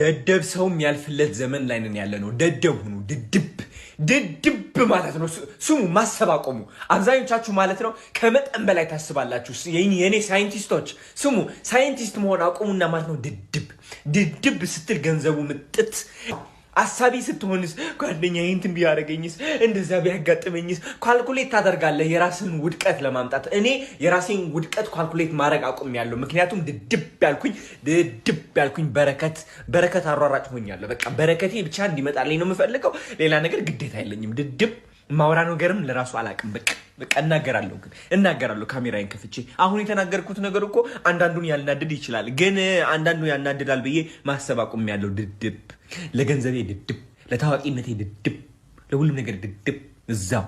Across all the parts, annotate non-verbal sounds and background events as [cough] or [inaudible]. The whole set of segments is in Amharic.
ደደብ ሰው የሚያልፍለት ዘመን ላይ ነን ያለ ነው። ደደብ ሁኑ። ድድብ ድድብ ማለት ነው። ስሙ፣ ማሰብ አቆሙ። አብዛኞቻችሁ ማለት ነው ከመጠን በላይ ታስባላችሁ። የእኔ ሳይንቲስቶች ስሙ፣ ሳይንቲስት መሆን አቆሙና ማለት ነው ድድብ ድድብ ስትል ገንዘቡ ምጥት አሳቢ ስትሆንስ ጓደኛ እንትን ቢያደርገኝስ እንደዛ ቢያጋጥመኝስ ኳልኩሌት ታደርጋለህ የራስን ውድቀት ለማምጣት እኔ የራሴን ውድቀት ኳልኩሌት ማድረግ ያለው ምክንያቱም ድድብ ያልኩኝ ድድብ ያልኩኝ በረከት በረከት አሯራጭ ሆኛለሁ በቃ በረከቴ ብቻ እንዲመጣልኝ ነው የምፈልገው ሌላ ነገር ግዴታ የለኝም ድድብ ማውራ ነገርም ለራሱ አላቅም በቃ በቃ እናገራለሁ፣ ግን እናገራለሁ። ካሜራዬን ከፍቼ አሁን የተናገርኩት ነገር እኮ አንዳንዱን ያልናድድ ይችላል፣ ግን አንዳንዱን ያናድዳል ብዬ ማሰብ ያለው ድድብ ለገንዘቤ ድድብ፣ ለታዋቂነቴ ድድብ፣ ለሁሉም ነገር ድድብ። እዛው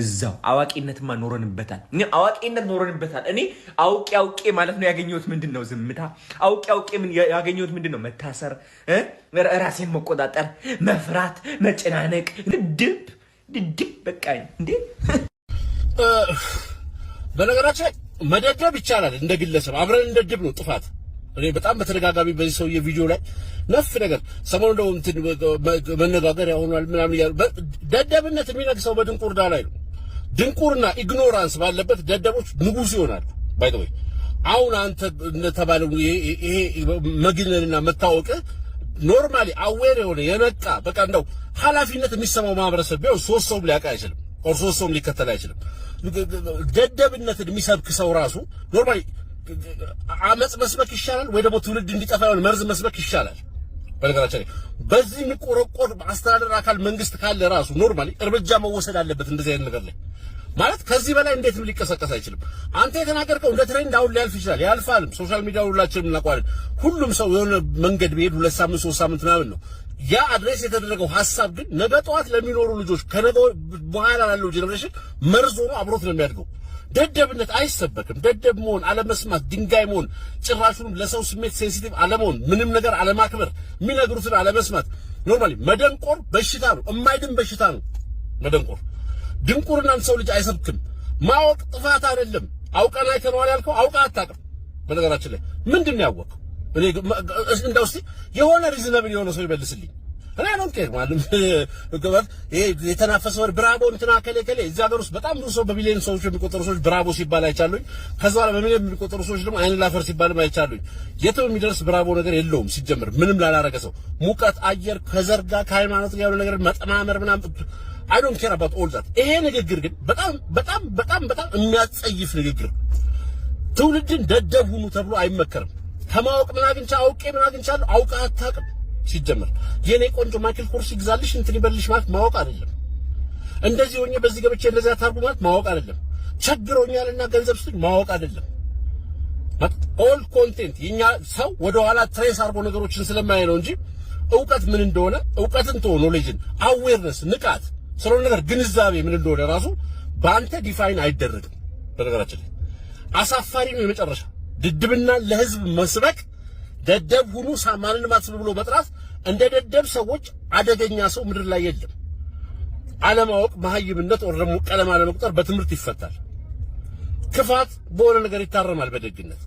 እዛው አዋቂነትማ ኖረንበታል፣ አዋቂነት ኖረንበታል። እኔ አውቄ አውቄ ማለት ነው ያገኘሁት ምንድን ነው? ዝምታ። አውቄ አውቄ ያገኘሁት ምንድን ነው? መታሰር፣ ራሴን መቆጣጠር፣ መፍራት፣ መጨናነቅ፣ ድድብ ድድብ። በቃ እንዴ በነገራችን ላይ መደደብ ይቻላል፣ እንደ ግለሰብ አብረን እንደ ድብ ነው ጥፋት። እኔ በጣም በተደጋጋሚ በዚህ ሰውዬ ቪዲዮ ላይ ነፍ ነገር ሰሞኑን ደው እንትን መነጋገር ያሆኗል ምናምን እያሉ ደደብነት የሚነግሰው በድንቁርና ላይ ነው። ድንቁርና ኢግኖራንስ ባለበት ደደቦች ንጉስ ይሆናል። ባይ ወይ አሁን አንተ እንደተባለው ይሄ መግነንና መታወቅ ኖርማሊ አዌር የሆነ የነቃ በቃ እንደው ኃላፊነት የሚሰማው ማህበረሰብ ቢሆን ሶስት ሰው ሊያውቅ አይችልም። ኦርቶዶክስም ሊከተል አይችልም። ደደብነትን የሚሰብክ ሰው ራሱ ኖርማሊ አመፅ መስበክ ይሻላል ወይ ደግሞ ትውልድ እንዲጠፋ የሆነ መርዝ መስበክ ይሻላል። በነገራችን በዚህ የሚቆረቆር አስተዳደር አካል መንግስት ካለ ራሱ ኖርማሊ እርምጃ መወሰድ አለበት። እንደዚህ አይነት ነገር ላይ ማለት ከዚህ በላይ እንዴትም ሊቀሰቀስ አይችልም። አንተ የተናገርከው እንደ ትሬንድ አሁን ሊያልፍ ይችላል፣ ያልፋልም። ሶሻል ሚዲያ ሁላችንም እናውቀዋለን። ሁሉም ሰው የሆነ መንገድ ቢሄድ ሁለት ሳምንት ሶስት ሳምንት ምናምን ነው ያ አድሬስ የተደረገው ሀሳብ ግን ነገ ጠዋት ለሚኖሩ ልጆች ከነገ በኋላ ላለው ጀኔሬሽን መርዝ ሆኖ አብሮት ነው የሚያድገው። ደደብነት አይሰበክም። ደደብ መሆን፣ አለመስማት፣ ድንጋይ መሆን፣ ጭራሹንም ለሰው ስሜት ሴንሲቲቭ አለመሆን፣ ምንም ነገር አለማክበር፣ የሚነግሩትን አለመስማት፣ ኖርማሊ መደንቆር በሽታ ነው። የማይድን በሽታ ነው መደንቆር። ድንቁርናን ሰው ልጅ አይሰብክም። ማወቅ ጥፋት አይደለም። አውቀን አይተነዋል ያልከው አውቀህ አታውቅም። በነገራችን ላይ ምንድን ነው እንደው እስቲ የሆነ ሪዝነብል የሆነ ሰው ይመልስልኝ። እኔ አሁን ከሄድ ማለት ገባት ይሄ የተናፈሰ ወር ብራቦ እንትና ከሌ ከሌ እዚህ ሀገር ውስጥ በጣም ብዙ ሰው በሚሊዮን ሰዎች የሚቆጠሩ ሰዎች ብራቦ ሲባል አይቻሉኝ። ከዛ በኋላ በሚሊዮን የሚቆጠሩ ሰዎች ደግሞ አይን ላፈር ሲባልም አይቻሉኝ። የትም የሚደርስ ብራቦ ነገር የለውም ሲጀምር ምንም ላላረገ ሰው ሙቀት፣ አየር ከዘር ጋር ከሃይማኖት ጋር ያለው ነገር መጠማመር ምናም አይ ዶንት ኬር አባት ኦል ዛት። ይሄ ንግግር ግን በጣም በጣም በጣም በጣም የሚያጸይፍ ንግግር ትውልድን ደደብ ሁኑ ተብሎ አይመከርም። ከማወቅ ምን አግኝቻ አውቄ ምን አግኝቻለሁ? አውቀ አታውቅም። ሲጀምር የኔ ቆንጆ ማይክል ኮርስ ይግዛልሽ እንትን ይበልሽ ማለት ማወቅ አይደለም። እንደዚህ ሆኜ በዚህ ገብቼ እንደዚህ ታርጉ ማለት ማወቅ አይደለም። ቸግሮኛልና ገንዘብ ስጡኝ ማወቅ አይደለም። ኦል ኮንቴንት የኛ ሰው ወደኋላ ትሬስ አድርጎ ነገሮችን ስለማይ ነው እንጂ እውቀት ምን እንደሆነ እውቀትን ተሆ ኖሌጅን አዌርነስ ንቃት ስለሆነ ነገር ግንዛቤ ምን እንደሆነ ራሱ በአንተ ዲፋይን አይደረግም። በነገራችን ላይ አሳፋሪ ነው የመጨረሻ ድድብና ለህዝብ መስበክ ደደብ ሁኑ ማንን ማስብ ብሎ መጥራት እንደ ደደብ ሰዎች አደገኛ ሰው ምድር ላይ የለም። አለማወቅ መሀይምነት፣ ወር ደግሞ ቀለም አለመቁጠር በትምህርት ይፈታል። ክፋት በሆነ ነገር ይታረማል በደግነት።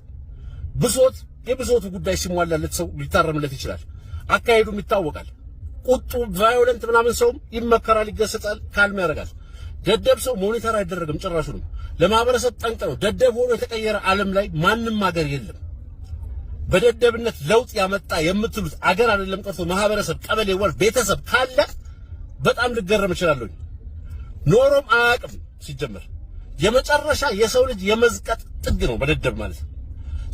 ብሶት የብሶቱ ጉዳይ ሲሟላለት ሰው ሊታረምለት ይችላል። አካሄዱም ይታወቃል። ቁጡ ቫዮለንት ምናምን ሰውም ይመከራል፣ ይገሰጻል፣ ካልም ያደርጋል። ደደብ ሰው ሞኒተር አይደረግም። ጭራሹ ነው ለማህበረሰብ ጠንቅ ነው። ደደብ ሆኖ የተቀየረ ዓለም ላይ ማንም ሀገር የለም። በደደብነት ለውጥ ያመጣ የምትሉት አገር አይደለም ቀርቶ ማህበረሰብ፣ ቀበሌ፣ ወረዳ፣ ቤተሰብ ካለ በጣም ልገረም እችላለሁ። ኖሮም አያቅም። ሲጀመር የመጨረሻ የሰው ልጅ የመዝቀጥ ጥግ ነው በደደብ ማለት።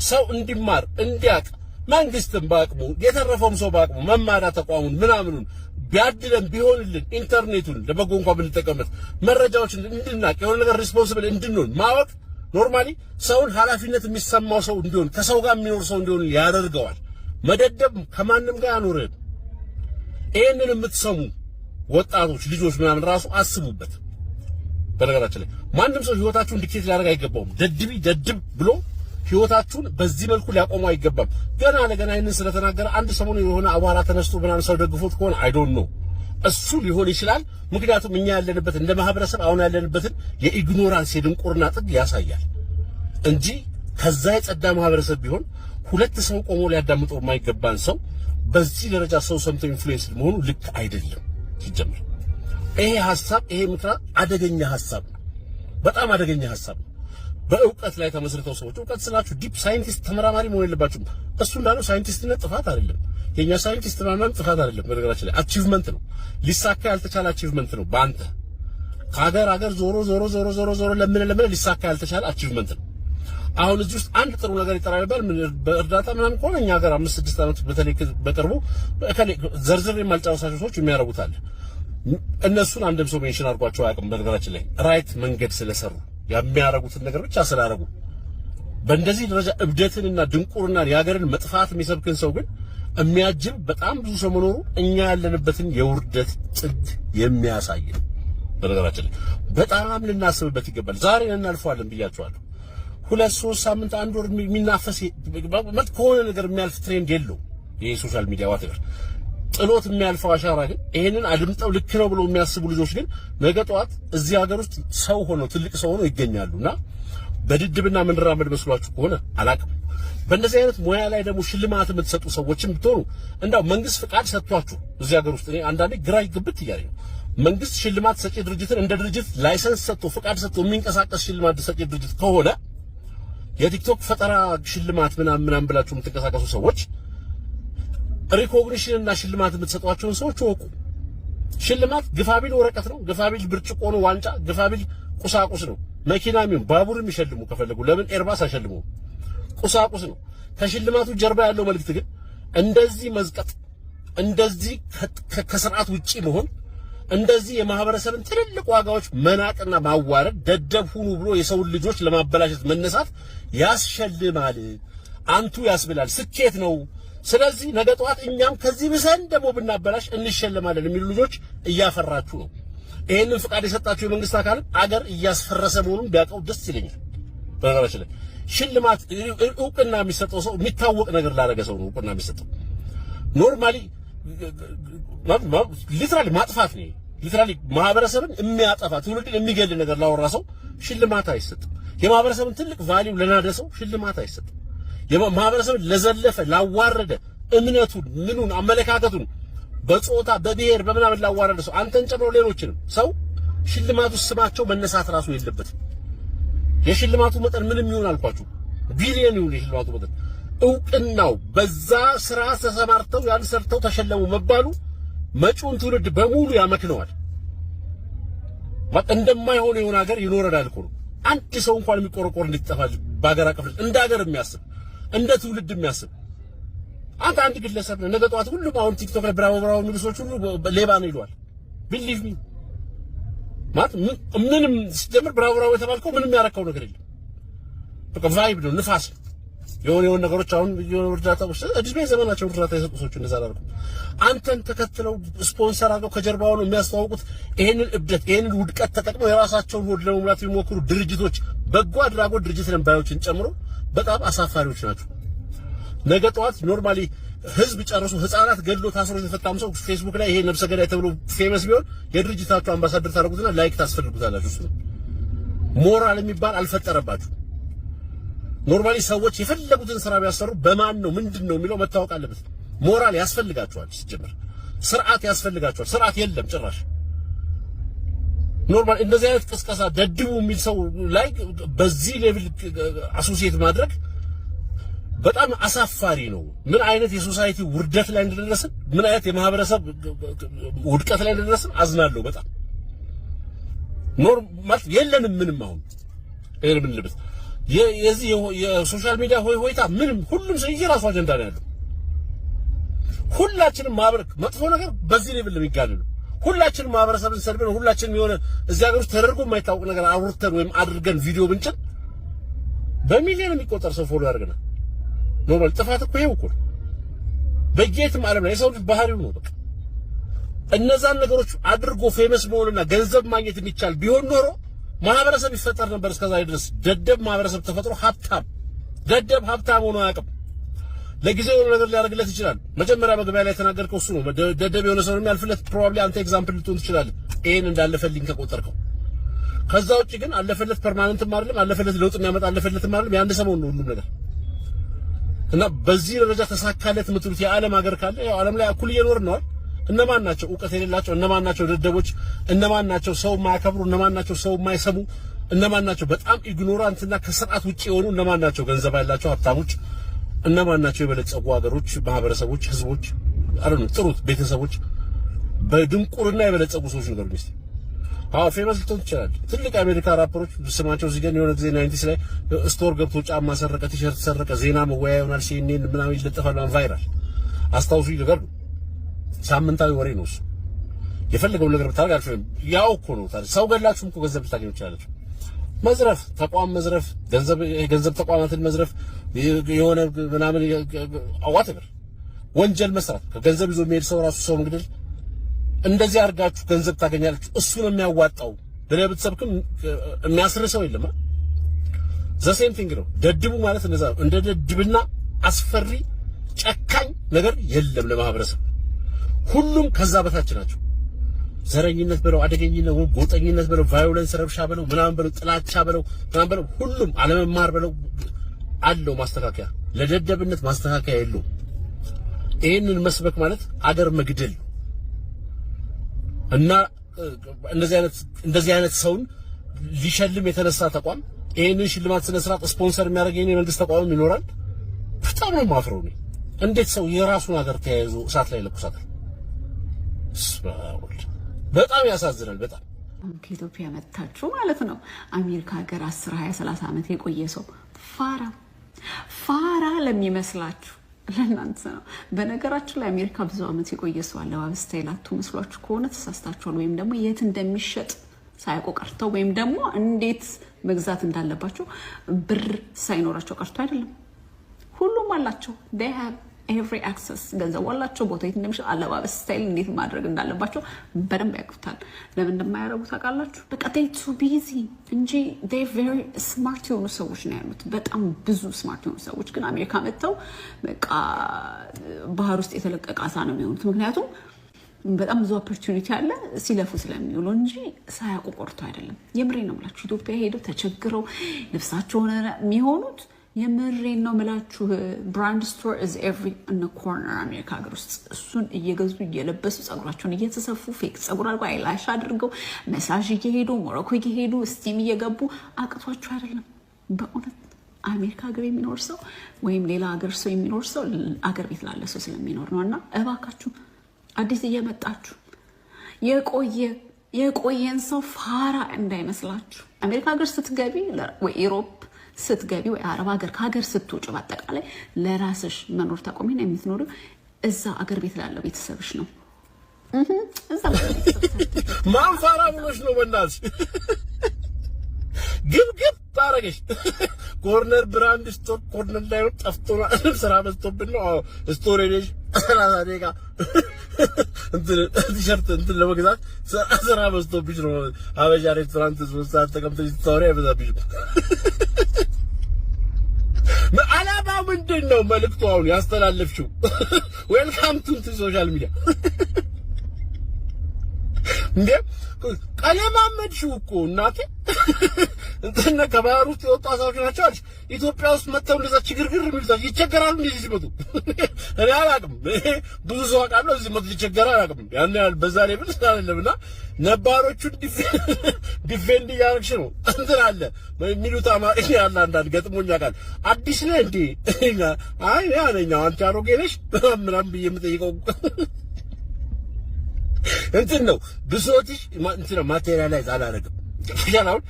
ሰው እንዲማር እንዲያቅ መንግስትም በአቅሙ የተረፈውም ሰው በአቅሙ መማሪያ ተቋሙን ምናምኑን ቢያድለን ቢሆንልን ኢንተርኔቱን ለበጎ እንኳ ብንጠቀምበት መረጃዎችን እንድናቅ የሆነ ነገር ሪስፖንስብል እንድንሆን ማወቅ ኖርማሊ ሰውን ኃላፊነት የሚሰማው ሰው እንዲሆን ከሰው ጋር የሚኖር ሰው እንዲሆን ያደርገዋል። መደደብ ከማንም ጋር አኖረን። ይህንን የምትሰሙ ወጣቶች ልጆች ምናምን ራሱ አስቡበት። በነገራችን ላይ ማንም ሰው ህይወታችሁን ዲክቴት ሊያደርግ አይገባውም። ደድቢ ደድብ ብሎ ህይወታችሁን በዚህ መልኩ ሊያቆሙ አይገባም። ገና ለገና ይህንን ስለተናገረ አንድ ሰሞኑን የሆነ አቧራ ተነስቶ ምናምን ሰው ደግፎት ከሆነ አይዶን ነው እሱ ሊሆን ይችላል። ምክንያቱም እኛ ያለንበት እንደ ማህበረሰብ አሁን ያለንበትን የኢግኖራንስ የድንቁርና ጥግ ያሳያል እንጂ ከዛ የጸዳ ማህበረሰብ ቢሆን ሁለት ሰው ቆሞ ሊያዳምጡ የማይገባን ሰው በዚህ ደረጃ ሰው ሰምቶ ኢንፍሉዌንስ መሆኑ ልክ አይደለም። ሲጀምር ይሄ ሀሳብ ይሄ ምክራ አደገኛ ሀሳብ ነው፣ በጣም አደገኛ ሀሳብ ነው። በእውቀት ላይ ተመስርተው ሰዎች እውቀት ስላችሁ ዲፕ ሳይንቲስት ተመራማሪ መሆን የለባችሁም። እሱ እንዳለው ሳይንቲስትነት ጥፋት አይደለም። የኛ ሳይንቲስት ማመን ጥፋት አይደለም። በነገራችን ላይ አቺቭመንት ነው፣ ሊሳካ ያልተቻለ አቺቭመንት ነው። በአንተ ከሀገር ሀገር ዞሮ ዞሮ ዞሮ ዞሮ ዞሮ ለምን ለምን ሊሳካ ያልተቻለ አቺቭመንት ነው። አሁን እዚህ ውስጥ አንድ ጥሩ ነገር ይጠራል ይባል በእርዳታ ምናምን ከሆነ እኛ ሀገር አምስት ስድስት ዓመት በተለይ በቅርቡ ዘርዝር የማልጨረሳቸው ሰዎች የሚያረጉታል። እነሱን አንድም ሰው ሜንሽን አድርጓቸው አያውቅም። በነገራችን ላይ ራይት መንገድ ስለሰሩ የሚያረጉትን ነገር ብቻ ስላረጉ በእንደዚህ ደረጃ እብደትንና ድንቁርናን የሀገርን መጥፋት የሚሰብክን ሰው ግን የሚያጅብ በጣም ብዙ ሰው መኖሩ እኛ ያለንበትን የውርደት ጥግ የሚያሳይ ነው። በነገራችን በጣም ልናስብበት ይገባል። ዛሬ እናልፈዋለን ብያቸዋለሁ። ሁለት ሶስት ሳምንት አንድ ወር የሚናፈስ ከሆነ ነገር የሚያልፍ ትሬንድ የለው ይሄ ሶሻል ሚዲያ ዋት ጥሎት የሚያልፈው አሻራ ግን ይሄንን አድምጠው ልክ ነው ብሎ የሚያስቡ ልጆች ግን ነገ ጠዋት እዚህ ሀገር ውስጥ ሰው ሆኖ ትልቅ ሰው ሆነው ይገኛሉና በድድብና ምንራመድ መስሏችሁ ከሆነ አላቅም። በእንደዚህ አይነት ሙያ ላይ ደግሞ ሽልማት የምትሰጡ ሰዎችም ብትሆኑ እንዳው መንግስት ፍቃድ ሰጥቷችሁ እዚህ ሀገር ውስጥ እኔ አንዳንዴ ግራ ግብት እያለኝ ነው። መንግስት ሽልማት ሰጪ ድርጅትን እንደ ድርጅት ላይሰንስ ሰጥቶ ፍቃድ ሰጥቶ የሚንቀሳቀስ ሽልማት ሰጪ ድርጅት ከሆነ የቲክቶክ ፈጠራ ሽልማት ምናምን ምናምን ብላችሁ የምትንቀሳቀሱ ሰዎች ሪኮግኒሽን እና ሽልማት የምትሰጧቸውን ሰዎች ወቁ። ሽልማት ግፋቢል ወረቀት ነው፣ ግፋቢል ብርጭቆ ነው፣ ዋንጫ ግፋቢል ቁሳቁስ ነው። መኪና ይሁን ባቡር የሚሸልሙ ከፈለጉ። ለምን ኤርባስ አይሸልሙ? ቁሳቁስ ነው። ከሽልማቱ ጀርባ ያለው መልእክት ግን እንደዚህ መዝቀጥ፣ እንደዚህ ከስርዓት ውጪ መሆን፣ እንደዚህ የማህበረሰብን ትልልቅ ዋጋዎች መናቅና ማዋረድ፣ ደደብ ሁኑ ብሎ የሰውን ልጆች ለማበላሸት መነሳት ያስሸልማል፣ አንቱ ያስብላል፣ ስኬት ነው። ስለዚህ ነገ ጠዋት እኛም ከዚህ ብሰን ደግሞ ብናበላሽ እንሸለማለን የሚሉ ልጆች እያፈራችሁ ነው። ይህንን ፍቃድ የሰጣችሁ የመንግስት አካልም አገር እያስፈረሰ መሆኑን ቢያውቀው ደስ ይለኛል። በነገራችን ላይ ሽልማት እውቅና የሚሰጠው ሰው የሚታወቅ ነገር ላደረገ ሰው ነው እውቅና የሚሰጠው። ኖርማሊ ሊትራሊ ማጥፋት ነው። ሊትራሊ ማህበረሰብን የሚያጠፋ ትውልድን የሚገል ነገር ላወራ ሰው ሽልማት አይሰጥም። የማህበረሰብን ትልቅ ቫሊዩ ለናደ ሰው ሽልማት አይሰጥም። ማህበረሰብን ለዘለፈ ላዋረደ እምነቱን ምኑን አመለካከቱን በጾታ በብሔር በምናምን ላዋረደ ሰው አንተን ጨምሮ ሌሎችንም ሰው ሽልማቱ ስማቸው መነሳት ራሱ የለበትም። የሽልማቱ መጠን ምንም ይሁን አልኳችሁ፣ ቢሊዮን ይሁን የሽልማቱ መጠን እውቅናው በዛ ስራ ተሰማርተው ያን ሰርተው ተሸለሙ መባሉ መጪውን ትውልድ በሙሉ ያመክነዋል። እንደማይሆን የሆነ ሀገር ይኖረናል እኮ ነው። አንድ ሰው እንኳን የሚቆረቆር እንዲጠፋ በሀገር አቀፍ እንደ ሀገር የሚያስብ እንደ ትውልድ የሚያስብ አንተ አንድ ግለሰብ ነው። ነገ ጠዋት ሁሉም አሁን ቲክቶክ ላይ ብራቮ ብራቮ ንጉሶች ሁሉ ሌባ ነው ይሏል። ቢሊቭ ሚ ማለት ምንም ስትጀምር ብራቮ ብራቮ የተባልከው ምንም ያረከው ነገር የለም። በቃ ቫይብ ነው ንፋስ የሆነ የሆነ ነገሮች አሁን የሆነ እርዳታ ውስጥ እድሜ ዘመናቸውን እርዳታ የሰጡ ሰዎች እንደዛ አላልኩም። አንተን ተከትለው ስፖንሰር አድርገው ከጀርባው ነው የሚያስተዋውቁት። ይሄንን እብደት ይሄንን ውድቀት ተጠቅመው የራሳቸውን ሆድ ለመሙላት የሚሞክሩ ድርጅቶች፣ በጎ አድራጎት ድርጅት ባዮችን ጨምሮ በጣም አሳፋሪዎች ናቸው። ነገ ጠዋት ኖርማሊ ህዝብ ጨርሶ ህፃናት ገድሎ ታስሮ የተፈታም ሰው ፌስቡክ ላይ ይሄ ነብሰ ገዳይ ተብሎ ፌመስ ቢሆን የድርጅታቸው አምባሳደር ታደርጉትና ላይክ ታስፈልጉታላችሁ። እሱ ሞራል የሚባል አልፈጠረባችሁ። ኖርማሊ ሰዎች የፈለጉትን ስራ ቢያሰሩ በማን ነው ምንድን ነው የሚለው መታወቅ አለበት። ሞራል ያስፈልጋችኋል። ሲጀምር ስርዓት ያስፈልጋችኋል። ስርዓት የለም ጭራሽ ኖርማል እንደዚህ አይነት ቅስቀሳ ደድቡ የሚል ሰው ላይ በዚህ ሌቭል አሶሲየት ማድረግ በጣም አሳፋሪ ነው። ምን አይነት የሶሳይቲ ውርደት ላይ እንደደረስን፣ ምን አይነት የማህበረሰብ ውድቀት ላይ እንደደረስን አዝናለሁ በጣም ኖር ማለት የለንም ምንም አሁን ይሄን ምን ልብስ የዚህ የሶሻል ሚዲያ ሆይ ሆይታ ምንም ሁሉም ሰው የራሱ አጀንዳ ነው ያለው። ሁላችንም ማህበር መጥፎ ነገር በዚህ ሌቭል የሚጋነን ሁላችንም ማህበረሰብን ሰድበን ሁላችንም የሆነ እዚህ ሀገር ውስጥ ተደርጎ የማይታወቅ ነገር አውርተን ወይም አድርገን ቪዲዮ ብንጭን በሚሊዮን የሚቆጠር ሰው ፎሎ ያደርገናል። ኖርማል ጥፋት እኮ ይሄው እኮ በየትም ዓለም ላይ የሰው ልጅ ባህሪው ነው። በቃ እነዛን ነገሮች አድርጎ ፌመስ መሆንና ገንዘብ ማግኘት የሚቻል ቢሆን ኖሮ ማህበረሰብ ይፈጠር ነበር። እስከዛ ድረስ ደደብ ማህበረሰብ ተፈጥሮ ሀብታም ደደብ ሀብታም ሆኖ አያውቅም። ለጊዜው የሆነ ነገር ሊያደርግለት ይችላል። መጀመሪያ መግቢያ ላይ የተናገርከው እሱ ነው። ደደብ የሆነ ሰው የሚያልፍለት ፕሮባብሊ አንተ ኤግዛምፕል ልትሆን ትችላለህ። ይሄን እንዳለፈልኝ ከቆጠርከው። ከዛ ውጭ ግን አለፈለት ፐርማነንትም አይደለም፣ አለፈለት ለውጥ የሚያመጣ አለፈለትም አይደለም። የአንድ ሰሞን ነው ሁሉም ነገር እና በዚህ ደረጃ ተሳካለት የምትሉት የዓለም ሀገር ካለ ያው ዓለም ላይ እኩል እየኖር ነዋል። እነማን ናቸው እውቀት የሌላቸው? እነማን ናቸው ደደቦች? እነማን ናቸው ሰው የማያከብሩ? እነማን ናቸው ሰው የማይሰሙ? እነማን ናቸው በጣም ኢግኖራንትና ከስርዓት ውጭ የሆኑ? እነማን ናቸው ገንዘብ ያላቸው ሀብታሞች እነማን ናቸው የበለጸጉ ሀገሮች፣ ማህበረሰቦች፣ ህዝቦች አረኑ ጥሩት ቤተሰቦች በድንቁርና የበለጸጉ ሰዎች ነገር ነው። አዎ ፌመስ ልትሆን ትልቅ የአሜሪካ ራፐሮች ስማቸው እዚህ የሆነ ጊዜ ናይንቲስ ላይ ስቶር ገብቶ ጫማ ሰረቀ፣ ቲሸርት ሰረቀ፣ ዜና መወያ ይሆናል፣ ሲኤንኤን ምናምን ይለጠፋል፣ ቫይራል አስታውሱ። ይደጋሉ ሳምንታዊ ወሬ ነው እሱ። የፈለገውን ነገር ብታደርግ አልፈም። ያው እኮ ነው ታዲያ። ሰው ገላችሁም እኮ ገንዘብ ልታገኙ መዝረፍ፣ ተቋም መዝረፍ፣ ገንዘብ ተቋማትን መዝረፍ የሆነ ምናምን አዋት ወንጀል መስራት ከገንዘብ ይዞ የሚሄድ ሰው ራሱ ሰው ምግድል እንደዚህ አድርጋችሁ ገንዘብ እሱ ነው የሚያዋጣው ለሌላ ብትሰብክም የሚያስር ሰው የለም። ዘሴም ቲንግ ነው። ደድቡ ማለት እንደዛ ነው። እንደ ደድብና አስፈሪ ጨካኝ ነገር የለም ለማህበረሰብ። ሁሉም ከዛ በታች ናቸው። ዘረኝነት ብለው አደገኝነት፣ ጎጠኝነት ብለው ቫዮለንስ፣ ረብሻ ብለው ምናምን ብለው ጥላቻ ብለው ምናምን ብለው ሁሉም አለመማር ብለው። አለው ማስተካከያ። ለደደብነት ማስተካከያ የለውም። ይህንን መስበክ ማለት አገር መግደል እና እንደዚህ አይነት እንደዚህ አይነት ሰውን ሊሸልም የተነሳ ተቋም ይህንን ሽልማት ስነ ስርዓት ስፖንሰር የሚያደርግ ይህን የመንግስት ተቋምም ይኖራል። በጣም ነው ማፍረው ነው። እንዴት ሰው የራሱን ሀገር ተያይዞ እሳት ላይ ለኩሳታል? በጣም ያሳዝናል። በጣም ከኢትዮጵያ መታችሁ ማለት ነው። አሜሪካ ሀገር 10 20 30 ዓመት የቆየ ሰው ፋራ ፋራ ለሚመስላችሁ ለእናንተ ነው። በነገራችሁ ላይ አሜሪካ ብዙ ዓመት የቆየ ሰው አለባበስ ስታይል መስሏችሁ ከሆነ ተሳስታችኋል። ወይም ደግሞ የት እንደሚሸጥ ሳያውቁ ቀርተው ወይም ደግሞ እንዴት መግዛት እንዳለባቸው ብር ሳይኖራቸው ቀርቶ አይደለም። ሁሉም አላቸው ሀብ ኤቭሪ አክሰስ ገንዘብ ዋላቸው፣ ቦታ የት እንደሚሸጥ፣ አለባበስ ስታይል እንዴት ማድረግ እንዳለባቸው በደንብ ያውቁታል። ለምን እንደማያደርጉ ታውቃላችሁ? በቃ ቱ ቢዚ እንጂ ቬሪ ስማርት የሆኑ ሰዎች ነው ያሉት። በጣም ብዙ ስማርት የሆኑ ሰዎች ግን አሜሪካ መጥተው በቃ ባህር ውስጥ የተለቀቀ አሳ ነው የሚሆኑት። ምክንያቱም በጣም ብዙ ኦፖርቹኒቲ አለ ሲለፉ ስለሚውሉ እንጂ ሳያውቁ ቆርቶ አይደለም። የምሬ ነው ብላችሁ ኢትዮጵያ ሄደው ተቸግረው ልብሳቸውን የሚሆኑት የምሬን ነው ምላችሁ። ብራንድ ስቶር ኢዝ ኤቭሪ ኢን ኮርነር አሜሪካ ሀገር ውስጥ እሱን እየገዙ እየለበሱ ጸጉራቸውን እየተሰፉ ፌክ ጸጉር አድርገው አይላሽ አድርገው መሳጅ እየሄዱ ሞሮኮ እየሄዱ ስቲም እየገቡ አቅቷቸው አይደለም በእውነት አሜሪካ ሀገር የሚኖር ሰው ወይም ሌላ ሀገር ሰው የሚኖር ሰው አገር ቤት ላለ ሰው ስለሚኖር ነው። እና እባካችሁ አዲስ እየመጣችሁ የቆየ የቆየን ሰው ፋራ እንዳይመስላችሁ። አሜሪካ ሀገር ስትገቢ ወይ ኢሮፕ ስትገቢ ወይ አረብ ሀገር ከሀገር ስትውጭ በአጠቃላይ ለራስሽ መኖር ታቆሚና የምትኖሪው እዛ አገር ቤት ላለው ቤተሰብሽ ነው። ማንፋራ ምኖች ነው በእናትሽ ግብግብ ታረገሽ ኮርነር ብራንድ ስቶር ኮርነር ላይ ጠፍቶ ስራ መስቶብን ነው። ስቶር ሄደሽ ሰላሳ ደቂቃ ቲሸርት እንትን ለመግዛት ስራ መስቶብሽ ነው። አበሻ ሬስቶራንት ሶስት ሰዓት ተቀምጠሽ ስታወሪ አይበዛብሽም። ምንድን ነው መልእክቱ? አሁን ያስተላለፍችው ዌልካም ቱ ሶሻል ሚዲያ እንዴ ቀለማመድሽው እኮ እናቴ እንተነ ከባህር ውስጥ የወጡ አሳዎች ናቸው አለሽ። ኢትዮጵያ ውስጥ መጥተው እንደዛ ችግርግር የሚሉት ይቸገራሉ። እንደዚህ ሲመጡ እኔ አላውቅም። ብዙ ሰው አውቃለሁ እዚህ መጡ ይቸገራል አላውቅም። ያን ያህል በዛ ላይ ብል ስላለብና ነባሮቹን ዲፌንድ እያደረግሽ ነው እንትን አለ የሚሉት አማርኛ ያለ አንዳንድ ገጥሞኛ ቃል አዲስ ነህ እንዴ? አይ ያ አንቺ አሮጌ ነሽ ምናምን ብዬ የምጠይቀው እንትን ነው ብሶትሽ እንትን ነው ማቴሪያላይዝ አላረግም። አሁን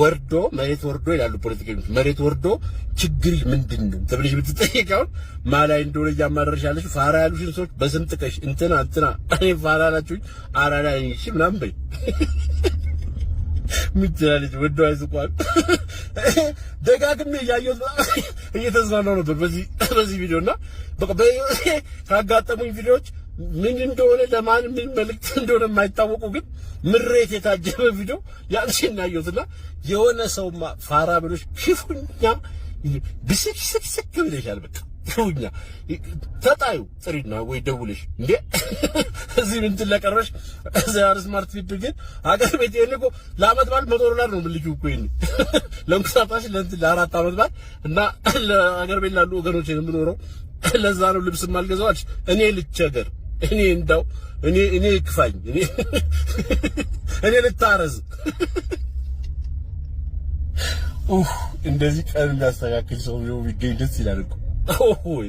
ወርዶ መሬት ወርዶ ይላሉ ፖለቲከኞች። መሬት ወርዶ ችግር ምንድን ነው ተብለሽ ብትጠየቅ ማላይ እንደሆነ እያማረርሽ ፋራ ያሉሽን ሰዎች በስም ጥቀሽ እንትና እንትና እኔ ፋራ ናችሁኝ አራዳ ነኝ እሺ ምናምን በይ ምን ወዶ አይዝቋል ደጋግሜ እያየሁት እየተዝናናሁ ነበር በዚህ በዚህ ቪዲዮ እና በቃ ካጋጠሙኝ ቪዲዮዎች ምን እንደሆነ ለማን ምን መልእክት እንደሆነ የማይታወቁ ግን ምሬት የታጀበ ቪዲዮ ያንቺና ያየሁትና የሆነ ሰውማ ፋራ ብሎች ክፉኛ ብስክስክስክ ብለሻል። በቃ ክፉኛ ተጣዩ ጥሪና ወይ ደውለሽ እንዴ [laughs] እዚህ ምን ትለቀረሽ ዛሬ ስማርት ፊት ግን አገር ቤት ይሄን እኮ ለአመት በዓል መቶ ዶላር ነው ምልጁ እኮ ይሄን [laughs] ለምሳፋሽ ለእንት ለአራት አመት በዓል እና ለአገር ቤት ላሉ ወገኖች የምኖረው ለዛ ነው ልብስ ማልገዛው እኔ ልቸገር እኔ እንደው እኔ እኔ ይክፋኝ እኔ እኔ ልታረዝ እንደዚህ ቀን የሚያስተካክል ሰው ነው ቢገኝ ደስ ይላል እኮ